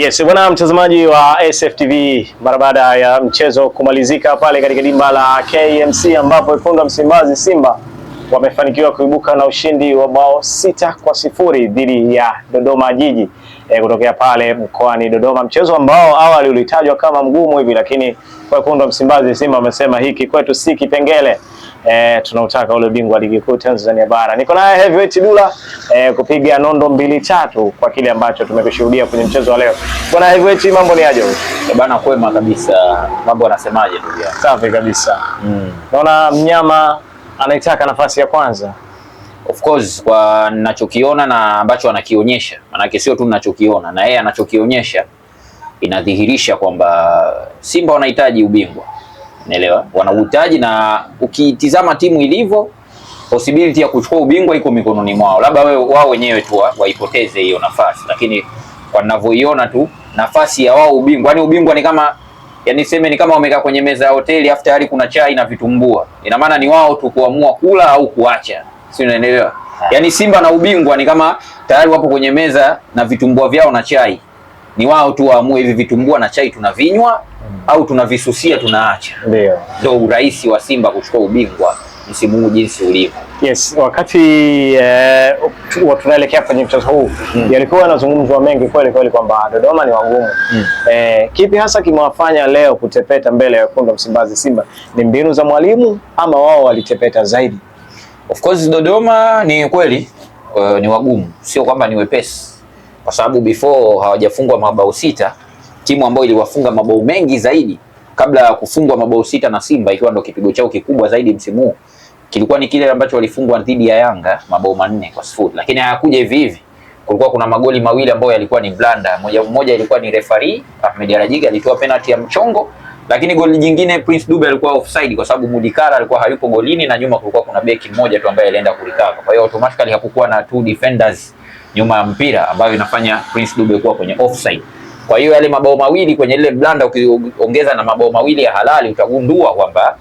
Yes, bwana mtazamaji wa SFTV, mara baada ya mchezo kumalizika pale katika dimba la KMC ambapo ifunga Msimbazi Simba wamefanikiwa kuibuka na ushindi wa bao sita kwa sifuri dhidi ya Dodoma Jiji e, kutokea pale mkoani Dodoma, mchezo ambao awali ulitajwa kama mgumu hivi, lakini wekundu wa Msimbazi Simba wamesema hiki kwetu si kipengele. E, tunautaka ule ubingwa wa ligi kuu Tanzania bara. Niko naye Heavyweight Dula e, kupiga nondo mbili tatu kwa kile ambacho tumekishuhudia kwenye mchezo wa leo. Bwana Heavyweight, mambo ni aje? E bana, kwema kabisa. Mambo anasemaje? Safi kabisa. Mm. Naona mnyama anaitaka nafasi ya kwanza Of course kwa ninachokiona na ambacho anakionyesha, maanake sio tu ninachokiona na yeye anachokionyesha inadhihirisha kwamba Simba wanahitaji ubingwa, unaelewa, wanauhitaji na ukitizama timu ilivyo, possibility ya kuchukua ubingwa iko mikononi mwao, labda we, wao wenyewe tu waipoteze hiyo nafasi, lakini kwa ninavyoiona tu nafasi ya wao ubingwa, yani ubingwa ni kama yani seme ni kama wamekaa kwenye meza ya hoteli afu tayari kuna chai na vitumbua, ina maana ni wao tu kuamua kula au kuacha si unaelewa? Ah. Yaani Simba na ubingwa ni kama tayari wapo kwenye meza na vitumbua vyao na chai, ni wao tu waamue hivi vitumbua na chai tunavinywa mm. au tunavisusia tunaacha. Ndio ndio urahisi wa Simba kuchukua ubingwa msimu huu jinsi ulivyo. Yes, wakati uh, tunaelekea kwenye mchezo huu mm. yalikuwa yanazungumzwa mengi kweli kweli kwamba Dodoma ni wagumu mm. Eh, kipi hasa kimewafanya leo kutepeta mbele ya wekundu Msimbazi? Simba ni mbinu za mwalimu ama wao walitepeta zaidi? Of course Dodoma ni kweli uh, ni wagumu, sio kwamba ni wepesi, kwa sababu before hawajafungwa mabao sita, timu ambayo iliwafunga mabao mengi zaidi kabla ya kufungwa mabao sita na Simba, ikiwa ndo kipigo chao kikubwa zaidi msimu huu kilikuwa ni kile ambacho walifungwa dhidi ya Yanga mabao manne kwa sifuri, lakini hayakuja hivi hivi. Kulikuwa kuna magoli mawili ambayo yalikuwa ni blanda, moja moja ilikuwa ni referee Ahmed Arajiga alitoa penalty ya mchongo lakini goli jingine Prince Dube alikuwa offside kwa sababu Mudikara alikuwa hayupo golini na nyuma kulikuwa kuna beki mmoja tu ambaye alienda kulikava. Kwa hiyo automatically hakukuwa na two defenders nyuma ya mpira ambayo inafanya Prince Dube kuwa kwenye offside. Kwa hiyo yale mabao mawili kwenye ile blanda ukiongeza na mabao mawili ya halali utagundua kwamba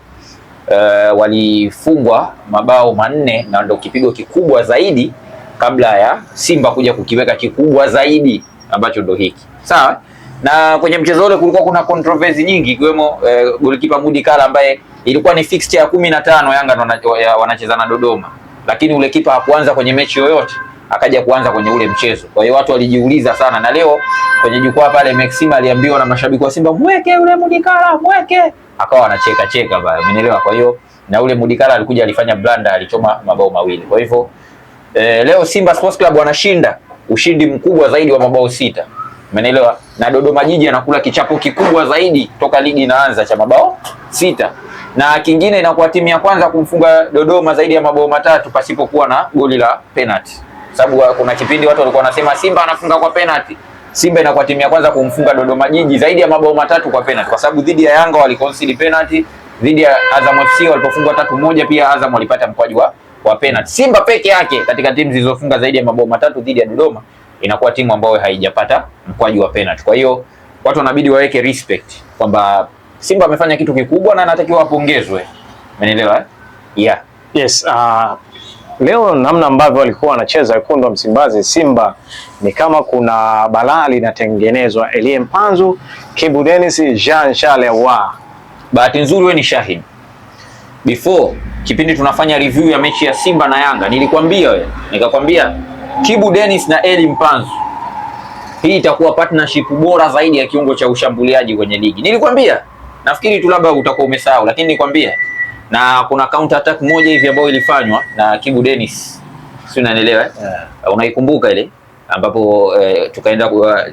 uh, walifungwa mabao manne na ndio kipigo kikubwa zaidi kabla ya Simba kuja kukiweka kikubwa zaidi ambacho ndio hiki. Sawa? na kwenye mchezo ule kulikuwa kuna controversy nyingi ikiwemo eh, golikipa Mudi Kala ambaye ilikuwa ni fixture ya kumi na tano Yanga wanacheza na Dodoma, lakini ule kipa hakuanza kwenye mechi yoyote, akaja kuanza kwenye ule mchezo. Kwa hiyo watu walijiuliza sana, na leo kwenye jukwaa pale Maxima aliambiwa na mashabiki wa Simba, mweke ule Mudikala, mweke, akawa anacheka cheka baya, umeelewa? Kwa hiyo na ule Mudikala alikuja alifanya blanda, alichoma mabao mawili. Kwa hivyo eh, leo Simba Sports Club wanashinda ushindi mkubwa zaidi wa mabao sita. Umeelewa? Na Dodoma Jiji anakula kichapo kikubwa zaidi toka ligi inaanza cha mabao sita, na kingine inakuwa timu ya kwanza kumfunga Dodoma zaidi ya mabao matatu pasipokuwa na goli la penalty, sababu ah, kuna kipindi watu walikuwa wanasema Simba anafunga kwa penalty. Simba inakuwa timu ya kwanza kumfunga Dodoma Jiji zaidi ya mabao matatu kwa penalty, kwa sababu dhidi ya Yanga walikonsidi penalty, dhidi ya Azam FC walipofungwa tatu moja, pia Azam walipata mkwaju wa penalty. Simba peke yake katika timu zilizofunga zaidi ya mabao matatu dhidi ya Dodoma inakuwa timu ambayo haijapata mkwaju wa penalty. Kwa hiyo watu wanabidi waweke respect kwamba Simba amefanya kitu kikubwa na anatakiwa apongezwe. Umeelewa eh? Yeah. Yes, uh, leo namna ambavyo walikuwa wanacheza wekundu wa Msimbazi Simba ni kama kuna balaa linatengenezwa. Elie Mpanzu, Kibu Dennis, Jean Charles wa. Bahati nzuri wewe ni shahidi. Before kipindi tunafanya review ya mechi ya Simba na Yanga nilikwambia wewe, nikakwambia Kibu Dennis na Eli Mpanzu. Hii itakuwa partnership bora zaidi ya kiungo cha ushambuliaji kwenye ligi. Nilikwambia, nafikiri tu labda utakuwa umesahau, lakini nilikwambia na kuna counter attack moja hivi ambayo ilifanywa na Kibu Dennis. Si unanielewa eh? Yeah. Unaikumbuka ile ambapo eh, tukaenda kwa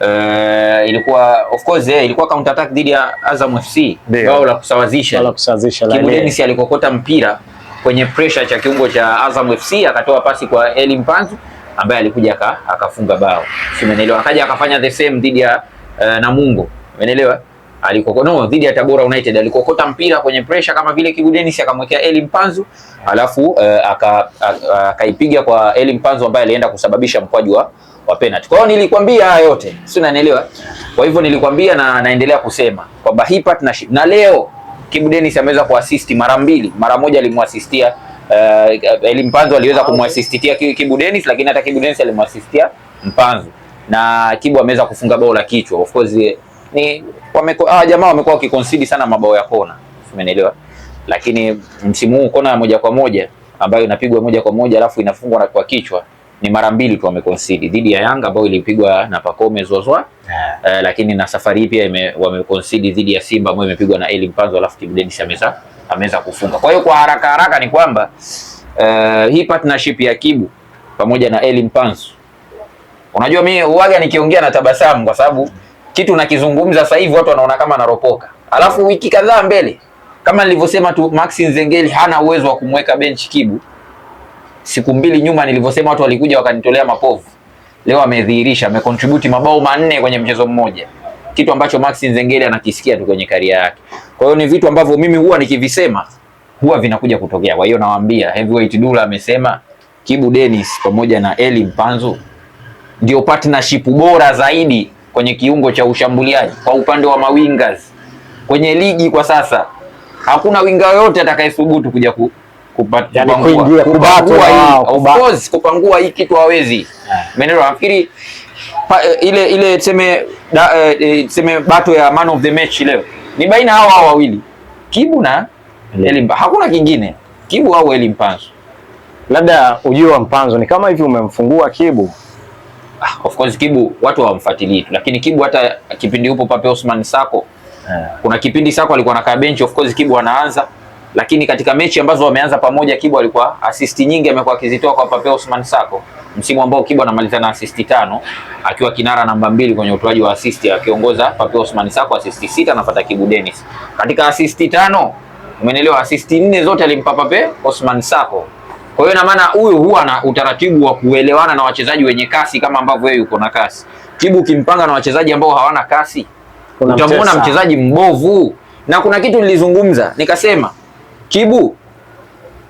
Uh, eh, eh, ilikuwa of course eh, ilikuwa counter attack dhidi ya Azam FC bao la kusawazisha. Bao la kusawazisha. Kibu Dennis alikokota mpira kwenye pressure cha kiungo cha Azam FC akatoa pasi kwa Eli Mpanzu ambaye alikuja akafunga bao, umeelewa? Akaja akafanya the same dhidi ya uh, Namungo, umeelewa? Alikoko no dhidi ya Tabora United alikokota mpira kwenye pressure kama vile Kibu Dennis akamwekea Eli Mpanzu, alafu uh, akaipiga kwa Eli Mpanzu ambaye alienda kusababisha mkwaju wa penalty. Kwa hiyo nilikwambia haya yote, si unanielewa? Kwa hivyo nilikwambia na naendelea kusema kwamba hii partnership na leo Kibu Dennis ameweza kuasisti mara mbili, mara moja alimwasistia uh, eh, Eli Mpanzu aliweza ah, kumwasistia Kibu Dennis, lakini hata Kibu Dennis alimwasistia Mpanzu na Kibu ameweza kufunga bao la kichwa. Of course ni wameko, ah, jamaa wamekuwa wakikonsidi sana mabao ya kona, umeelewa. Lakini msimu huu kona ya moja kwa moja ambayo inapigwa moja kwa moja alafu inafungwa na kwa kichwa ni mara mbili tu wameconcede dhidi ya Yanga ambayo ilipigwa na Pacome Zozwa yeah. Uh, eh, lakini na safari hii pia wameconcede dhidi ya Simba ambayo imepigwa na Eli Mpanzo, alafu Kibu Denis ameza ameza kufunga. Kwa hiyo kwa haraka haraka ni kwamba uh, hii partnership ya Kibu pamoja na Eli Mpanzo, unajua mimi huaga nikiongea na tabasamu kwa sababu kitu nakizungumza sasa hivi watu wanaona kama naropoka, alafu wiki kadhaa mbele, kama nilivyosema tu, Maxi Nzengeli hana uwezo wa kumweka benchi Kibu siku mbili nyuma nilivyosema watu walikuja wakanitolea mapovu, leo amedhihirisha, amecontribute mabao manne kwenye mchezo mmoja, kitu ambacho Maxi Nzengeli anakisikia tu kwenye karia yake. Kwa hiyo ni vitu ambavyo mimi huwa nikivisema huwa vinakuja kutokea. Kwa hiyo nawaambia Heavyweight Dula amesema Kibu Dennis pamoja na Eli Mpanzu ndio partnership bora zaidi kwenye kiungo cha ushambuliaji kwa upande wa mawingers kwenye ligi kwa sasa. Hakuna winga yoyote atakayethubutu kuja ku kupangua hii kitu hawezi. Maneno nafikiri eh, ile ile tuseme eh, eh, tuseme bato ya man of the match leo ni baina hao hao wawili Kibu na Elimpa, hakuna kingine, Kibu au Elimpanzo. Labda ujio wa Mpanzo ni kama hivi umemfungua Kibu. Ah, of course Kibu watu hawamfuatilii tu, lakini Kibu hata kipindi upo Pape Osman Sako, kuna kipindi Sako alikuwa anakaa benchi, of course Kibu anaanza lakini katika mechi ambazo wameanza pamoja, Kibwa alikuwa asisti nyingi amekuwa akizitoa kwa Pape Ousmane Sako, msimu ambao Kibwa anamaliza na asisti tano akiwa kinara namba mbili kwenye utoaji wa asisti akiongoza Pape Ousmane Sako asisti sita anapata Kibu Dennis. Katika asisti tano, umeelewa, asisti nne zote alimpa Pape Ousmane Sako. Kwa hiyo na maana huyu huwa na utaratibu wa kuelewana na wachezaji wenye kasi kama ambavyo yeye yuko na kasi. Kibu kimpanga na wachezaji ambao hawana kasi, utamwona mchezaji mbovu. Na kuna kitu nilizungumza nikasema Kibu,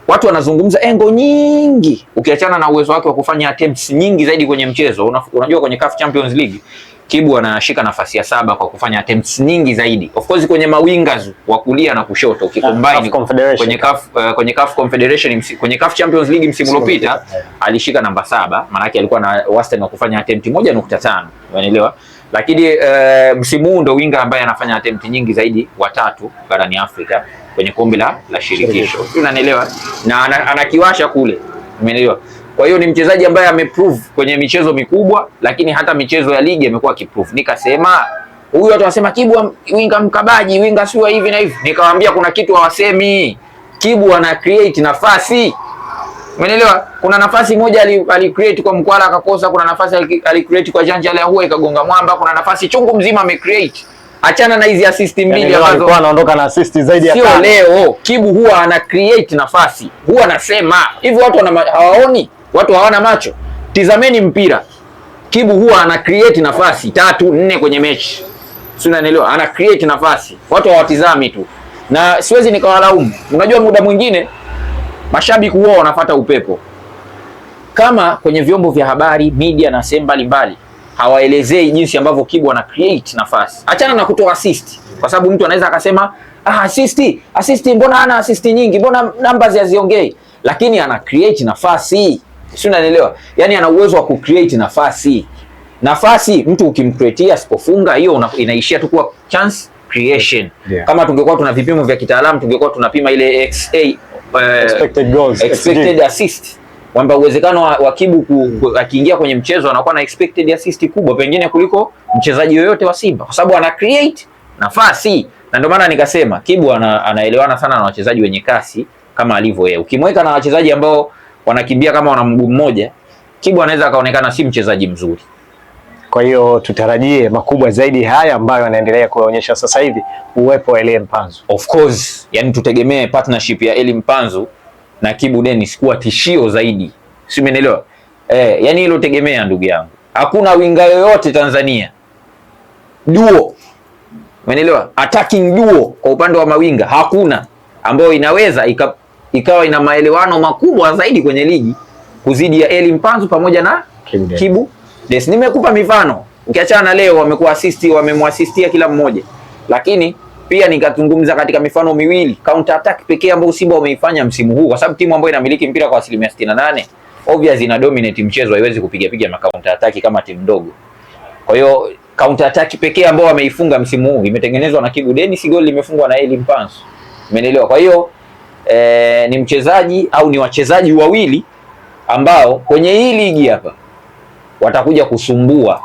watu wanazungumza engo nyingi, ukiachana na uwezo wake wa kufanya attempts nyingi zaidi kwenye mchezo. unajua kwenye CAF Champions League Kibu anashika nafasi ya saba kwa kufanya attempts nyingi zaidi. Of course kwenye mawingers wa kulia na kushoto ukikombine kwenye CAF uh, kwenye CAF Confederation kwenye CAF Champions League msimu uliopita alishika namba saba, maana yake alikuwa na wastani wa kufanya attempt 1.5. Unaelewa? lakini e, msimu huu ndo winga ambaye anafanya attempt nyingi zaidi watatu barani Afrika kwenye kombe la la shirikisho, unanielewa, na anakiwasha kule, umeelewa. Kwa hiyo ni mchezaji ambaye ameprove kwenye michezo mikubwa, lakini hata michezo ya ligi amekuwa akiprove. Nikasema huyu watu wanasema Kibu winga mkabaji, winga sio hivi na hivi, nikawambia kuna kitu hawasemi. Kibu ana create nafasi Umeelewa? Kuna nafasi moja alicreate kwa Mkwala akakosa, kuna nafasi alicreate kwa Janja ya huwa ikagonga mwamba, kuna nafasi chungu mzima amecreate. Achana na hizi assist yaani mbili ambazo alikuwa anaondoka na assist zaidi ya tano. Sio leo, Kibu huwa ana create nafasi. Huwa anasema, hivi watu wana hawaoni, watu hawana macho. Tizameni mpira. Kibu huwa ana create nafasi tatu nne kwenye mechi. sio unanielewa? Ana create nafasi. Watu hawatizami tu. Na siwezi nikawalaumu. Unajua muda mwingine Mashabiki huwa wanafata upepo. Kama kwenye vyombo vya habari, media na sehemu mbalimbali hawaelezei jinsi ambavyo Kibu ana create nafasi, achana na kutoa assist, kwa sababu mtu anaweza akasema ah, assist assist, mbona ana assist nyingi, mbona numbers haziongei, lakini ana create nafasi, si unanielewa? Yani ana uwezo wa ku create nafasi. Nafasi mtu ukimcreatea asipofunga, hiyo inaishia tu kuwa chance creation. Yeah. Kama tungekuwa tuna vipimo vya kitaalamu tungekuwa tunapima ile XA Eh, expected goals, expected assist kwamba uwezekano wa, wa Kibu akiingia kwenye mchezo anakuwa na expected assist kubwa pengine kuliko mchezaji yoyote wa Simba kwa sababu ana create nafasi, na ndio maana nikasema Kibu ana, anaelewana sana na wachezaji wenye kasi kama alivyo yeye. Ukimweka na wachezaji ambao wanakimbia kama wana mguu mmoja, Kibu anaweza akaonekana si mchezaji mzuri. Kwa hiyo tutarajie makubwa zaidi haya ambayo anaendelea kuonyesha sasa hivi uwepo wa Eli Mpanzu. Of course, yani tutegemee partnership ya Eli Mpanzu na Kibu Dennis kuwa tishio zaidi. Si umeelewa? Eh, yani hilo tegemea ndugu yangu. Hakuna winga yoyote Tanzania. Duo. Umeelewa? Attacking duo kwa upande wa mawinga hakuna ambayo inaweza ika, ikawa ina maelewano makubwa zaidi kwenye ligi kuzidi ya Eli Mpanzu pamoja na Kibu Des, nimekupa mifano. Ukiachana na leo wamekuwa assist, wamemwasistia kila mmoja. Lakini pia nikazungumza katika mifano miwili, counter attack pekee ambayo Simba wameifanya msimu huu kwa sababu timu ambayo inamiliki mpira kwa asilimia 68 obviously ina dominate mchezo, haiwezi kupiga piga na counter attack kama timu ndogo. Kwa hiyo counter attack pekee ambayo wameifunga msimu huu imetengenezwa na Kibu Dennis, goli limefungwa na Eli Mpanzu. Umeelewa? Kwa hiyo eh, ni mchezaji au ni wachezaji wawili ambao kwenye hii ligi hapa watakuja kusumbua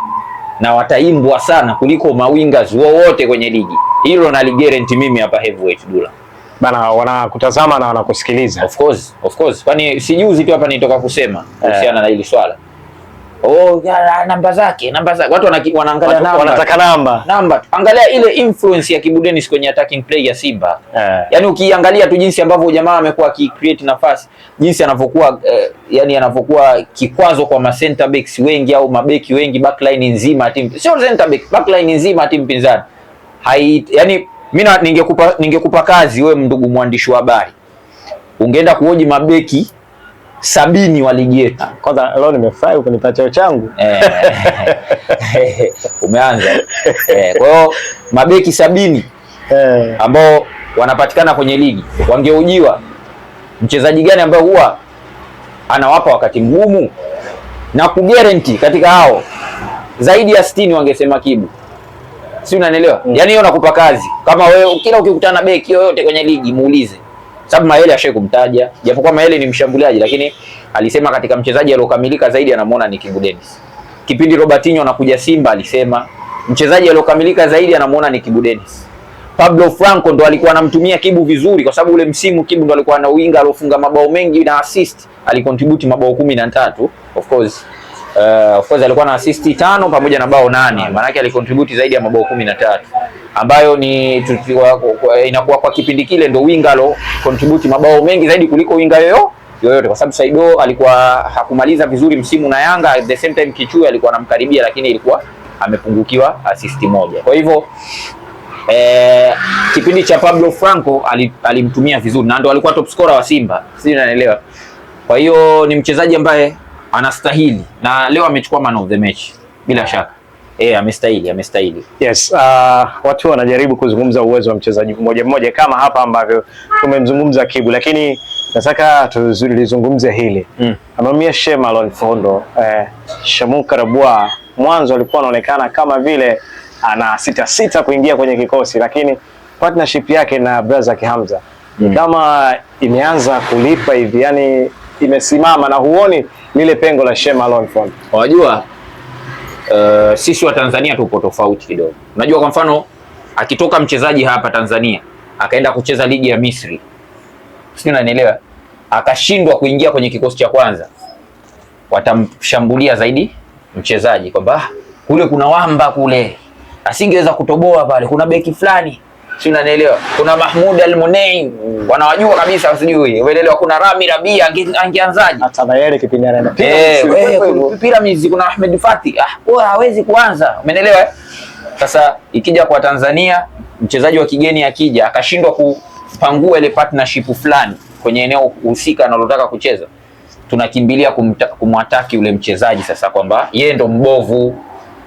na wataimbwa sana kuliko mawingers wowote kwenye ligi. Hilo naligarenti mimi hapa Heavyweight Dula. Bana, wanakutazama na wanakusikiliza. Of course, of course. Kwani sijuzi tu hapa nitoka kusema eh. kuhusiana eh, na hili swala oh, namba zake, namba zake. Watu wanaangalia namba, wanataka namba, namba. Angalia ile influence ya Kibu Dennis kwenye attacking play ya Simba yeah. Yani ukiangalia tu jinsi ambavyo jamaa amekuwa ki create nafasi, jinsi anavyokuwa eh, yani anavyokuwa kikwazo kwa ma center backs wengi au mabeki wengi, backline nzima timu, sio center back, backline nzima timu pinzani hai, yani mimi ningekupa ningekupa kazi wewe, ndugu mwandishi wa habari, ungeenda kuhoji mabeki sabini wa ligi yetu. Ah, kwanza leo nimefurahi kunipa cheo changu eh. umeanza. Eh, kwa hiyo mabeki sabini eh. ambao wanapatikana kwenye ligi wangeujiwa, mchezaji gani ambaye huwa anawapa wakati mgumu na kuguarantee katika hao zaidi ya 60 wangesema Kibu, si unanielewa? Mm. Yaani hiyo nakupa kazi kama wewe, kila ukikutana beki yoyote kwenye ligi muulize sababu Mayele ashai kumtaja, japokuwa Mayele ni mshambuliaji, lakini alisema katika mchezaji aliokamilika zaidi anamuona ni Kibu Dennis. Kipindi Robertinho anakuja Simba alisema mchezaji aliokamilika zaidi anamuona ni Kibu Dennis. Pablo Franco ndo alikuwa anamtumia Kibu vizuri kwa sababu ule msimu Kibu ndo alikuwa ana winga aliofunga mabao mengi na assist, alikontribute mabao kumi na tatu of course Uh, of course alikuwa na assist tano pamoja na bao nane, maanake alikontribute zaidi ya mabao kumi na tatu ambayo ni tutiwa, inakuwa kwa kipindi kile ndo winga lo contribute mabao mengi zaidi kuliko winga yoyo yoyote, kwa sababu Saido alikuwa hakumaliza vizuri msimu na Yanga, at the same time Kichui alikuwa anamkaribia, lakini ilikuwa amepungukiwa assist moja. Kwa hivyo eh, kipindi cha Pablo Franco alimtumia vizuri na ndo alikuwa top scorer wa Simba, sijui unanielewa? Kwa hiyo ni mchezaji ambaye anastahili na leo amechukua man of the match bila shaka. E, amestahili amestahili. Yes, uh, watu wanajaribu kuzungumza uwezo wa mchezaji mmoja mmoja kama hapa ambavyo tumemzungumza Kibu, lakini nataka tulizungumze hili mm. Amamia Shema Fondo eh, Shamu Karabua mwanzo alikuwa anaonekana kama vile ana sita sita kuingia kwenye kikosi, lakini partnership yake na brother Kihamza mm. kama imeanza kulipa hivi, yani imesimama na huoni lile pengo la Shema Loan Fund. Unajua uh, sisi wa Tanzania tupo tofauti kidogo. Unajua kwa mfano akitoka mchezaji hapa Tanzania akaenda kucheza ligi ya Misri, sio, unanielewa, akashindwa kuingia kwenye kikosi cha kwanza, watamshambulia zaidi mchezaji kwamba ah, kule kuna wamba kule, asingeweza kutoboa pale, kuna beki fulani si unanielewa? Kuna Mahmud Almunei mm. wanawajua kabisa, wasijui umeelewa? Kuna Rami Rabia angeanzaje? hata Bayere kipindi anapita eh, kuna mizi, kuna Ahmed Fati ah, wewe hawezi kuanza, umeelewa? Eh? Sasa ikija kwa Tanzania, mchezaji wa kigeni akija akashindwa kupangua ile partnership fulani kwenye eneo husika analotaka kucheza, tunakimbilia kumwataki ule mchezaji sasa, kwamba yeye ndo mbovu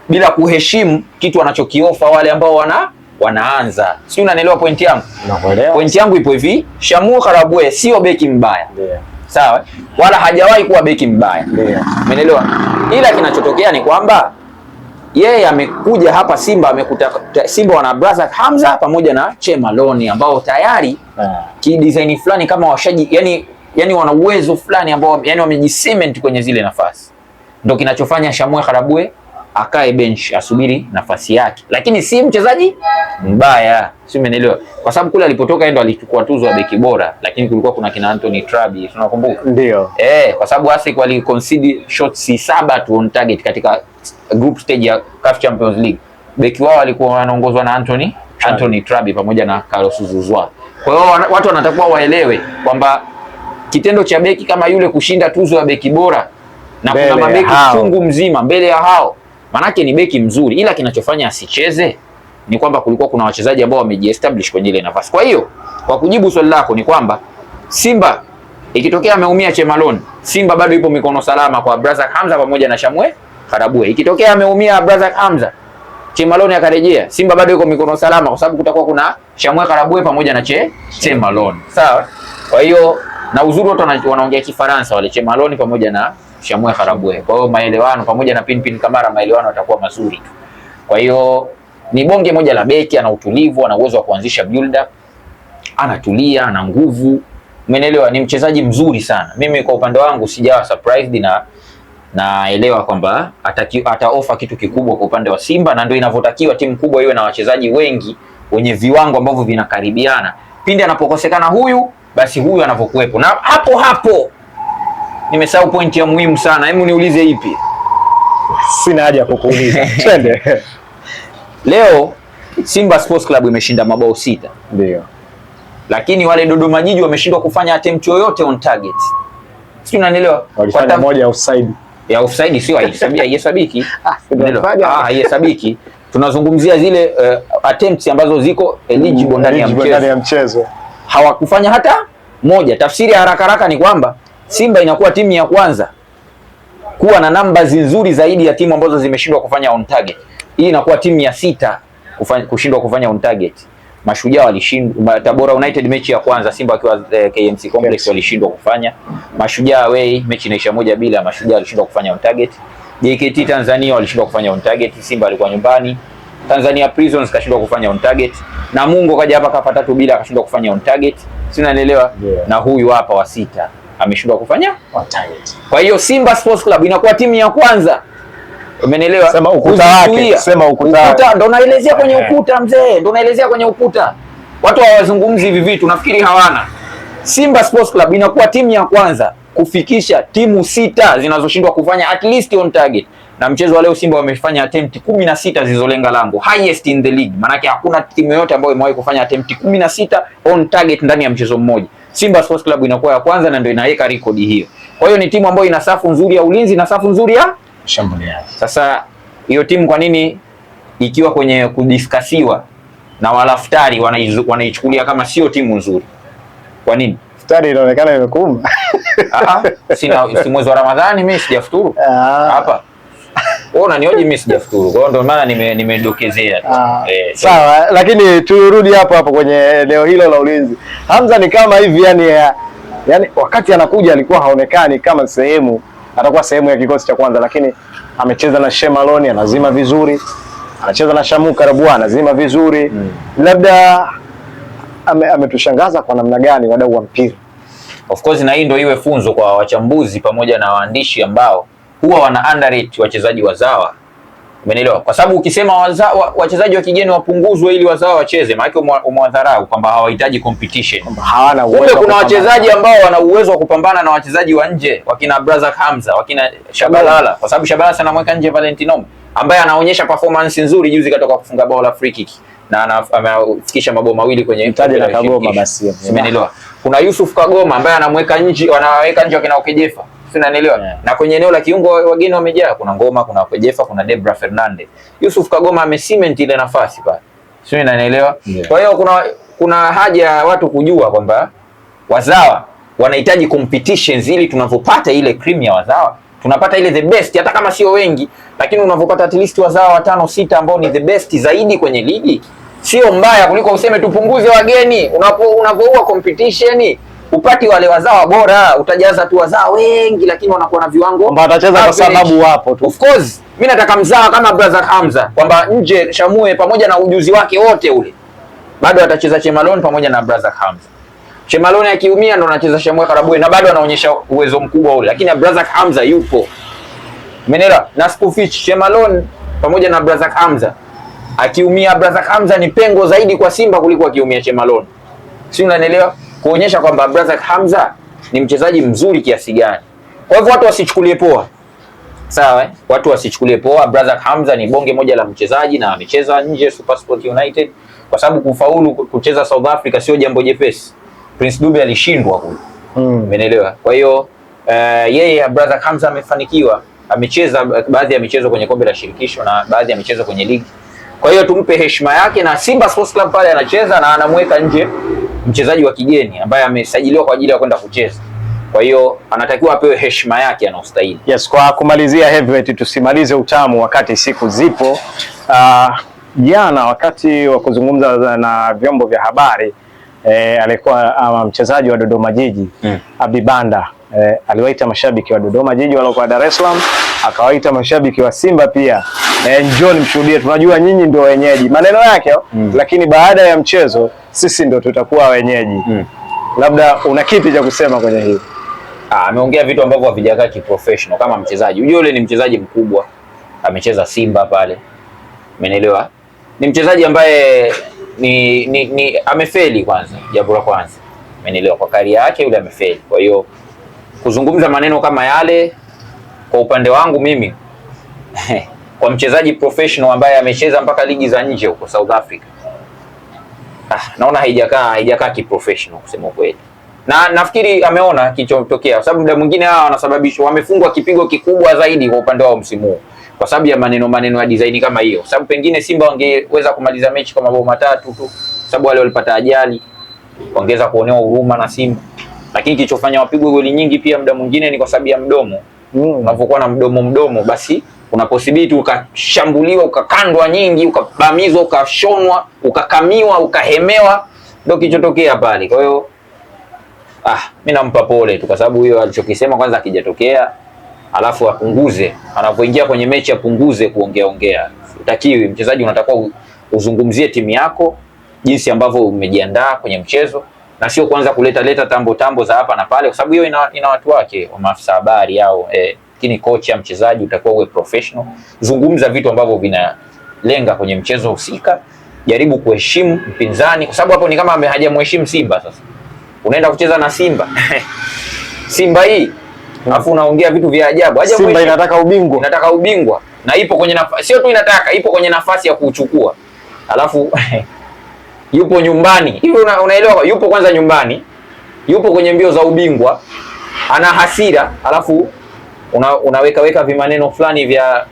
bila kuheshimu kitu anachokiofa wale ambao wana wanaanza, si unanielewa pointi yangu? Nakuelewa. Pointi yangu ipo hivi, Shamu Karabwe sio beki mbaya yeah. Sawa, wala hajawahi kuwa beki mbaya yeah. Umeelewa, ila kinachotokea ni kwamba yeye amekuja hapa Simba amekuta Simba wana brother Hamza pamoja na Che ambao tayari yeah. ki design fulani kama washaji yani, yani wana uwezo fulani ambao yani wamejisement kwenye zile nafasi, ndio kinachofanya Shamwe Karabue akae bench asubiri nafasi yake, lakini si mchezaji mbaya, si umeelewa? Kwa sababu kule alipotoka yeye ndo alichukua tuzo ya beki bora, lakini kulikuwa kuna kina Anthony Trabi, tunakumbuka ndio eh, kwa sababu hasa kwa wali concede shots saba tu on target katika group stage ya CAF Champions League. Beki wao alikuwa anaongozwa na Anthony Trabi. Anthony Trabi pamoja na Carlos Zuzua. Kwa hiyo watu wanatakuwa waelewe kwamba kitendo cha beki kama yule kushinda tuzo ya beki bora na kuna mabeki chungu mzima mbele ya hao Manake ni beki mzuri, ila kinachofanya asicheze ni kwamba kulikuwa kuna wachezaji ambao wamejiestablish kwenye ile nafasi. Kwa hiyo kwa kujibu swali lako ni kwamba Simba ikitokea ameumia Chemalon, Simba bado ipo mikono salama kwa Abdrazak Hamza pamoja na Shamwe Karabue. Ikitokea ameumia Abdrazak Hamza, Chemalon akarejea, Simba bado iko mikono salama kwa sababu kutakuwa kuna Shamwe Karabue pamoja na Che Chemalon. Sawa? Kwa hiyo na uzuri watu wanaongea Kifaransa wale Chemalon pamoja na Shamwe Harabwe. Kwa hiyo maelewano pamoja na Pinpin Kamara, maelewano yatakuwa mazuri. Kwa hiyo ni bonge moja la beki, ana utulivu, ana uwezo wa kuanzisha build up, anatulia, ana nguvu, umeelewa? Ni mchezaji mzuri sana. Mimi kwa upande wangu sijawa surprised na naelewa kwamba ataofa kitu kikubwa kwa upande wa Simba, na ndio inavyotakiwa timu kubwa iwe na wachezaji wengi wenye viwango ambavyo vinakaribiana. Pindi anapokosekana huyu, basi huyu anavyokuwepo, na hapo hapo nimesahau pointi ya muhimu sana. Hebu niulize ipi? Sina haja kukuuliza. Twende. Leo Simba Sports Club imeshinda mabao sita. Ndio. Lakini wale Dodoma Jiji wameshindwa kufanya attempt yoyote on target. Sio, unanielewa? Walifanya tam... moja ya offside. Ya offside sio haihesabiki. Ah, ah haihesabiki. Tunazungumzia zile uh, attempts ambazo ziko eligible mm, ndani ya mchezo. Hawakufanya hata moja. Tafsiri ya haraka haraka ni kwamba Simba inakuwa timu ya kwanza kuwa na namba nzuri zaidi ya timu ambazo zimeshindwa kufanya on target. Hii inakuwa timu ya sita kushindwa kufanya on target. Mashujaa walishindwa, Tabora United mechi ya kwanza Simba akiwa eh, KMC Complex yes. walishindwa kufanya. Mashujaa away mechi inaisha moja bila, Mashujaa walishindwa kufanya on target. JKT Tanzania walishindwa kufanya on target, Simba alikuwa nyumbani. Tanzania Prisons kashindwa kufanya on target. Namungo kaja hapa kapata tatu bila akashindwa kufanya on target. Sina nielewa yeah. Na huyu hapa wa sita ameshindwa kufanya Kwa hiyo Simba Sports Club inakuwa timu ya kwanza, umenielewa? Sema ukuta wake, sema ukuta, ukuta ndo naelezea kwenye eh. ukuta mzee, ndo naelezea kwenye ukuta. Watu hawazungumzi hivi vitu, nafikiri hawana. Simba Sports Club inakuwa timu ya kwanza kufikisha timu sita zinazoshindwa kufanya at least on target, na mchezo wa leo Simba wamefanya attempt 16 zilizolenga lango, highest in the league. Maanake hakuna timu yoyote ambayo imewahi kufanya attempt 16 on target ndani ya mchezo mmoja. Simba Sports Club inakuwa ya kwanza na ndio inaweka rekodi hiyo. Kwa hiyo ni timu ambayo ina safu nzuri ya ulinzi na safu nzuri ya shambuliaji. Sasa hiyo timu kwa nini ikiwa kwenye kudiskasiwa na walaftari wanaichukulia kama sio timu nzuri? Kwa nini? Futari inaonekana imekuma. Ah, sina mwezi wa Ramadhani mimi sijafuturu. Ah. Hapa. Wewe unanioje mimi sijafikuru. Kwa hiyo ndio maana nimedokezea. Ah, eh, sawa, lakini turudi hapo hapo kwenye eneo hilo la ulinzi. Hamza ni kama hivi yani eh, yani wakati anakuja alikuwa haonekani kama sehemu atakuwa sehemu ya kikosi cha kwanza, lakini amecheza na Shemaloni anazima vizuri, anacheza na Shamu Karabua anazima vizuri mm. Labda ametushangaza ame kwa namna gani wadau wa mpira? Of course na hii ndio iwe funzo kwa wachambuzi pamoja na waandishi ambao huwa wana underrate wachezaji wazawa, umeelewa? Kwa sababu ukisema wazawa, wachezaji wa kigeni wapunguzwe ili wazawa wacheze, maana umewadharau kwamba hawahitaji competition, hawana uwezo. Kumbe kuna wachezaji ambao wana uwezo wa kupambana na wachezaji wa nje, wakina Brother Hamza, wakina Shabalala, kwa sababu Shabalala anamweka nje Valentino ambaye anaonyesha performance nzuri juzi katoka kufunga bao la free kick na anafikisha mabao mawili kwenye mtaji la Kagoma. Basi umeelewa, kuna Yusuf Kagoma ambaye anamweka nje, wanaweka nje wakina Okejefa sinanielewa yeah. Na kwenye eneo la kiungo wageni wamejaa, kuna Ngoma, kuna Kwejefa, kuna Debra Fernandez, Yusuf Kagoma amecement ile nafasi pale, sio inanielewa yeah. Kwa hiyo kuna kuna haja ya watu kujua kwamba wazawa wanahitaji competitions ili tunavyopata ile cream ya wazawa tunapata ile the best, hata kama sio wengi, lakini unavyopata at least wazawa watano sita ambao ni the best zaidi kwenye ligi, sio mbaya kuliko useme tupunguze wageni. unapo Unapoua competition upati wale wazawa bora, utajaza tu wazawa wengi, lakini wanakuwa na viwango kwamba atacheza kwa sababu wapo tu. Of course mimi nataka mzawa kama brother Hamza, kwamba nje Shamue pamoja na ujuzi wake wote ule bado atacheza Chemalone pamoja na brother Hamza. Chemalone akiumia ndo anacheza Shamue Karabue na bado anaonyesha uwezo mkubwa ule, lakini brother Hamza yupo Menera na Skufich Chemalone pamoja na brother Hamza akiumia, brother Hamza ni pengo zaidi kwa Simba kuliko akiumia Chemalone, si unanielewa? kuonyesha kwamba brother Hamza ni mchezaji mzuri kiasi gani. Kwa hivyo watu wasichukulie poa, sawa eh? Watu wasichukulie poa. Brother Hamza ni bonge moja la mchezaji na amecheza nje Super Sport United, kwa sababu kufaulu kucheza South Africa sio jambo jepesi. Prince Dube alishindwa huko, hmm. umeelewa? Kwa hiyo uh, yeye brother Hamza amefanikiwa, amecheza baadhi ya michezo kwenye kombe la shirikisho na baadhi ya michezo kwenye ligi. Kwa hiyo tumpe heshima yake, na Simba Sports Club pale anacheza na anamweka nje mchezaji wa kigeni ambaye amesajiliwa kwa ajili ya kwenda kucheza. Kwa hiyo anatakiwa apewe heshima yake anaostahili. Yes, kwa kumalizia Heavyweight, tusimalize utamu wakati siku zipo. Ah, jana uh, wakati wa kuzungumza na vyombo vya habari e, alikuwa ama mchezaji wa Dodoma Jiji mm. Abdi Banda e, aliwaita mashabiki wa Dodoma Jiji waliokuwa Dar es Salaam, akawaita mashabiki wa Simba pia e, njoni mshuhudie, tunajua nyinyi ndio wenyeji, maneno yake mm. Lakini baada ya mchezo sisi ndio tutakuwa wenyeji mm. Labda una kipi cha kusema kwenye hili? Ah, ameongea vitu ambavyo havijakaa kiprofessional kama mchezaji. Unajua yule ni mchezaji mkubwa, amecheza Simba pale, umenielewa? Ni mchezaji ambaye ni, ni, ni amefeli kwanza, jambo la kwanza, umeelewa? Kwa kari yake yule amefeli. Kwa hiyo kuzungumza maneno kama yale kwa upande wangu mimi kwa mchezaji professional ambaye amecheza mpaka ligi za nje huko South Africa, ah, naona haijakaa haijakaa kiprofessional kusema kweli, na nafikiri ameona kilichotokea, kwa sababu muda mwingine hawa wanasababishwa, wamefungwa kipigo kikubwa zaidi kwa upande wao msimu huu kwa sababu ya maneno maneno ya design kama hiyo, sababu pengine Simba wangeweza kumaliza mechi kwa mabao matatu tu, sababu wale walipata ajali wangeweza kuonewa huruma na Simba, lakini kilichofanya wapigwe goli nyingi pia muda mwingine ni kwa sababu ya mdomo. Mm. Unapokuwa na mdomo mdomo, basi kuna possibility ukashambuliwa, ukakandwa nyingi, ukabamizwa, ukashonwa, ukakamiwa, ukahemewa, ndio kilichotokea pale. Kwa hiyo ah, mimi nampa pole tu kwa sababu hiyo alichokisema kwanza akijatokea alafu apunguze, anapoingia kwenye mechi apunguze kuongea ongea. Utakiwi mchezaji, unatakiwa uzungumzie timu yako jinsi ambavyo umejiandaa kwenye mchezo na sio kuanza kuleta leta tambo tambo za hapa na pale, kwa sababu hiyo ina, ina watu wake wa maafisa habari au eh. lakini eh, kocha mchezaji, utakuwa uwe professional. Zungumza vitu ambavyo vinalenga kwenye mchezo husika, jaribu kuheshimu mpinzani, kwa sababu hapo ni kama hajamheshimu Simba. Sasa unaenda kucheza na Simba Simba hii Alafu unaongea vitu vya ajabu. Ajabu Simba inataka ubingwa. Inataka ubingwa. Na ipo kwenye nafasi, sio tu inataka, ipo kwenye nafasi ya kuuchukua, Alafu yupo nyumbani. Hivi una, unaelewa yupo kwanza nyumbani. Yupo kwenye mbio za ubingwa. Ana hasira, alafu una, unaweka weka vimaneno fulani vya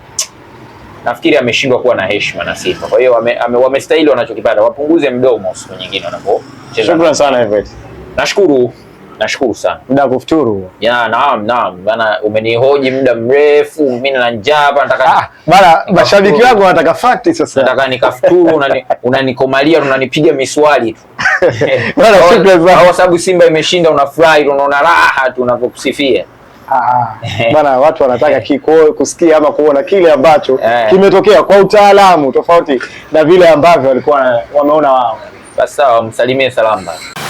nafikiri ameshindwa kuwa na heshima na sifa. Kwa hiyo wamestahili wanachokipata, wapunguze mdomo siku nyingine wanapocheza. Shukrani sana Everett. Nashukuru. Nashukuru sana. Muda kufuturu. Ya, naam naam. Bana umenihoji muda mrefu, mimi na njaa hapa nataka. Ah, bana mashabiki wangu wanataka fact sasa. Nataka nikafuturu unani unanikomalia unanipiga miswali tu. Bana kwa sababu Simba imeshinda unafurahi, unaona raha tu unapokusifia. Ah, ah. bana watu wanataka kiko, kusikia ama kuona kile ambacho eh. kimetokea kwa utaalamu tofauti na vile ambavyo walikuwa wameona wao. sawa, msalimie salama.